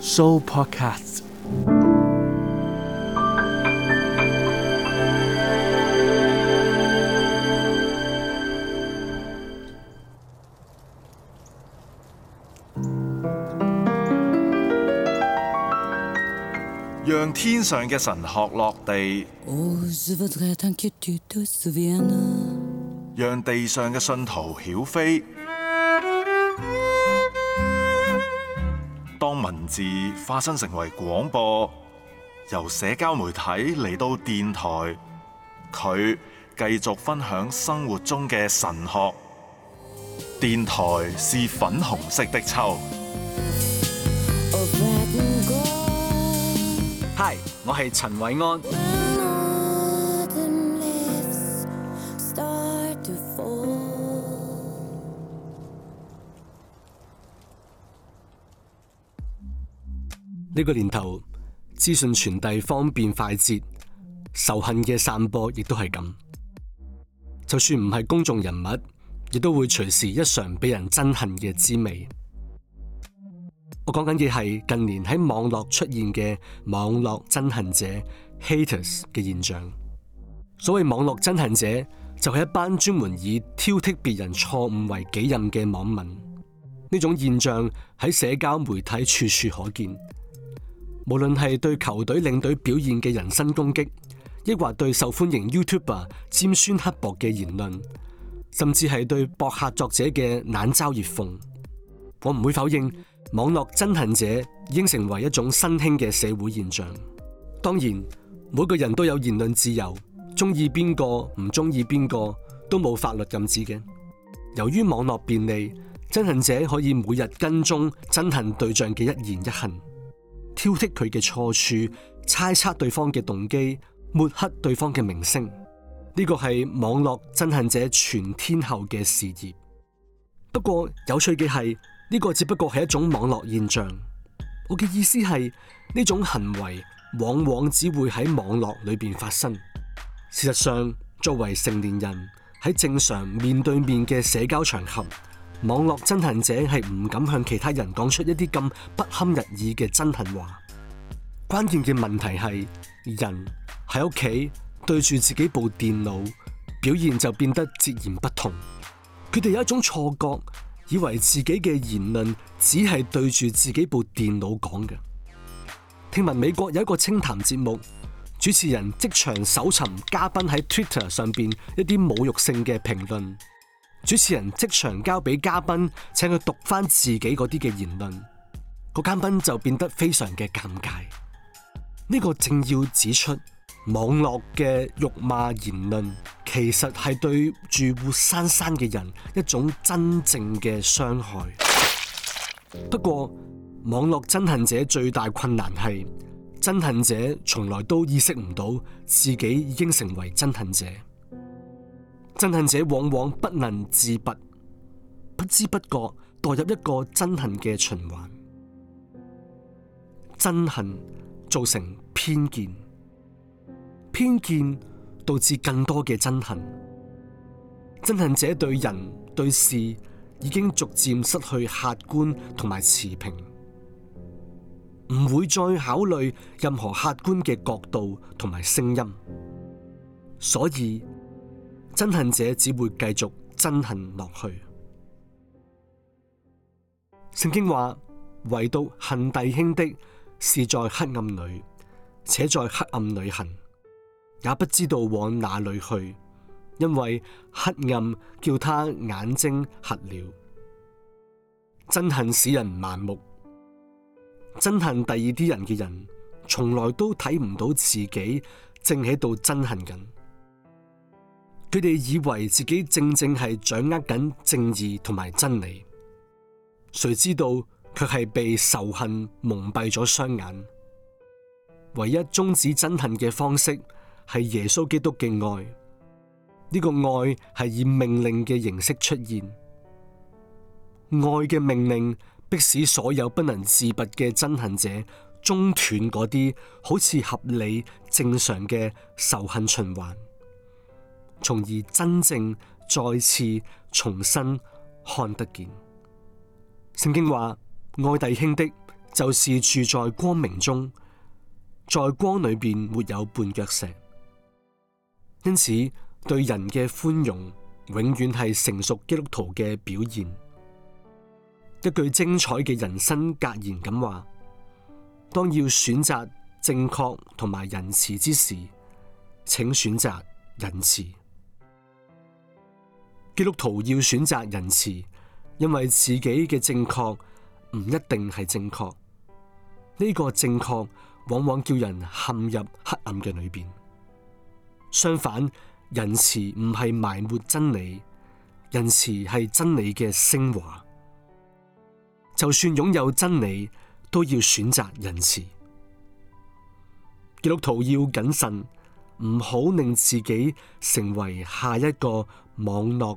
Show podcast，讓天上嘅神學落地，讓地上嘅信徒曉飛。字化身成為廣播，由社交媒體嚟到電台，佢繼續分享生活中嘅神學。電台是粉紅色的秋。嗨，我係陳偉安。呢、這個年頭，資訊傳遞方便快捷，仇恨嘅散播亦都係咁。就算唔係公眾人物，亦都會隨時一嘗被人憎恨嘅滋味。我講緊嘅係近年喺網絡出現嘅網絡憎恨者，恨者 （haters） 嘅現象。所謂網絡憎恨者，就係、是、一班專門以挑剔別人錯誤為己任嘅網民。呢種現象喺社交媒體處處可見。無論係對球隊領隊表現嘅人身攻擊，亦或對受歡迎 YouTuber 尖酸刻薄嘅言論，甚至係對博客作者嘅冷嘲熱諷，我唔會否認網絡憎恨者已經成為一種新興嘅社會現象。當然，每個人都有言論自由，中意邊個唔中意邊個都冇法律禁止嘅。由於網絡便利，憎恨者可以每日跟蹤憎恨對象嘅一言一行。挑剔佢嘅錯處，猜測對方嘅動機，抹黑對方嘅名聲，呢個係網絡憎恨者全天候嘅事業。不過有趣嘅係，呢個只不過係一種網絡現象。我嘅意思係，呢種行為往往只會喺網絡裏邊發生。事實上，作為成年人，喺正常面對面嘅社交場合。網絡憎恨者係唔敢向其他人講出一啲咁不堪入耳嘅憎恨話。關鍵嘅問題係，人喺屋企對住自己部電腦，表現就變得截然不同。佢哋有一種錯覺，以為自己嘅言論只係對住自己部電腦講嘅。聽聞美國有一個清談節目，主持人即場搜尋嘉賓喺 Twitter 上邊一啲侮辱性嘅評論。主持人即場交俾嘉賓，請佢讀翻自己嗰啲嘅言論，個嘉賓就變得非常嘅尷尬。呢個正要指出，網絡嘅辱罵言論其實係對住活生生嘅人一種真正嘅傷害。不過，網絡憎恨者最大困難係憎恨者從來都意識唔到自己已經成為憎恨者。憎恨者往往不能自拔，不知不覺墮入一個憎恨嘅循環。憎恨造成偏見，偏見導致更多嘅憎恨。憎恨者對人對事已經逐漸失去客觀同埋持平，唔會再考慮任何客觀嘅角度同埋聲音，所以，憎恨者只會繼續憎恨落去。聖經話：唯獨恨弟兄的，是在黑暗裏，且在黑暗裏行，也不知道往哪裏去，因為黑暗叫他眼睛瞎了。憎恨使人盲目，憎恨第二啲人嘅人，從來都睇唔到自己正喺度憎恨緊。佢哋以為自己正正係掌握緊正義同埋真理，誰知道卻係被仇恨蒙蔽咗雙眼。唯一終止憎恨嘅方式係耶穌基督嘅愛。呢個愛係以命令嘅形式出現，愛嘅命令迫使所有不能自拔嘅憎恨者中斷嗰啲好似合理正常嘅仇恨循環。從而真正再次重新看得見。聖經話：愛弟兄的，就是住在光明中，在光裏邊沒有絆腳石。因此，對人嘅寬容，永遠係成熟基督徒嘅表現。一句精彩嘅人生格言咁話：當要選擇正確同埋仁慈之時，請選擇仁慈。基督徒要選擇仁慈，因為自己嘅正確唔一定係正確。呢、這個正確往往叫人陷入黑暗嘅裏面。相反，仁慈唔係埋沒真理，仁慈係真理嘅昇華。就算擁有真理，都要選擇仁慈。基督徒要謹慎，唔好令自己成為下一個網絡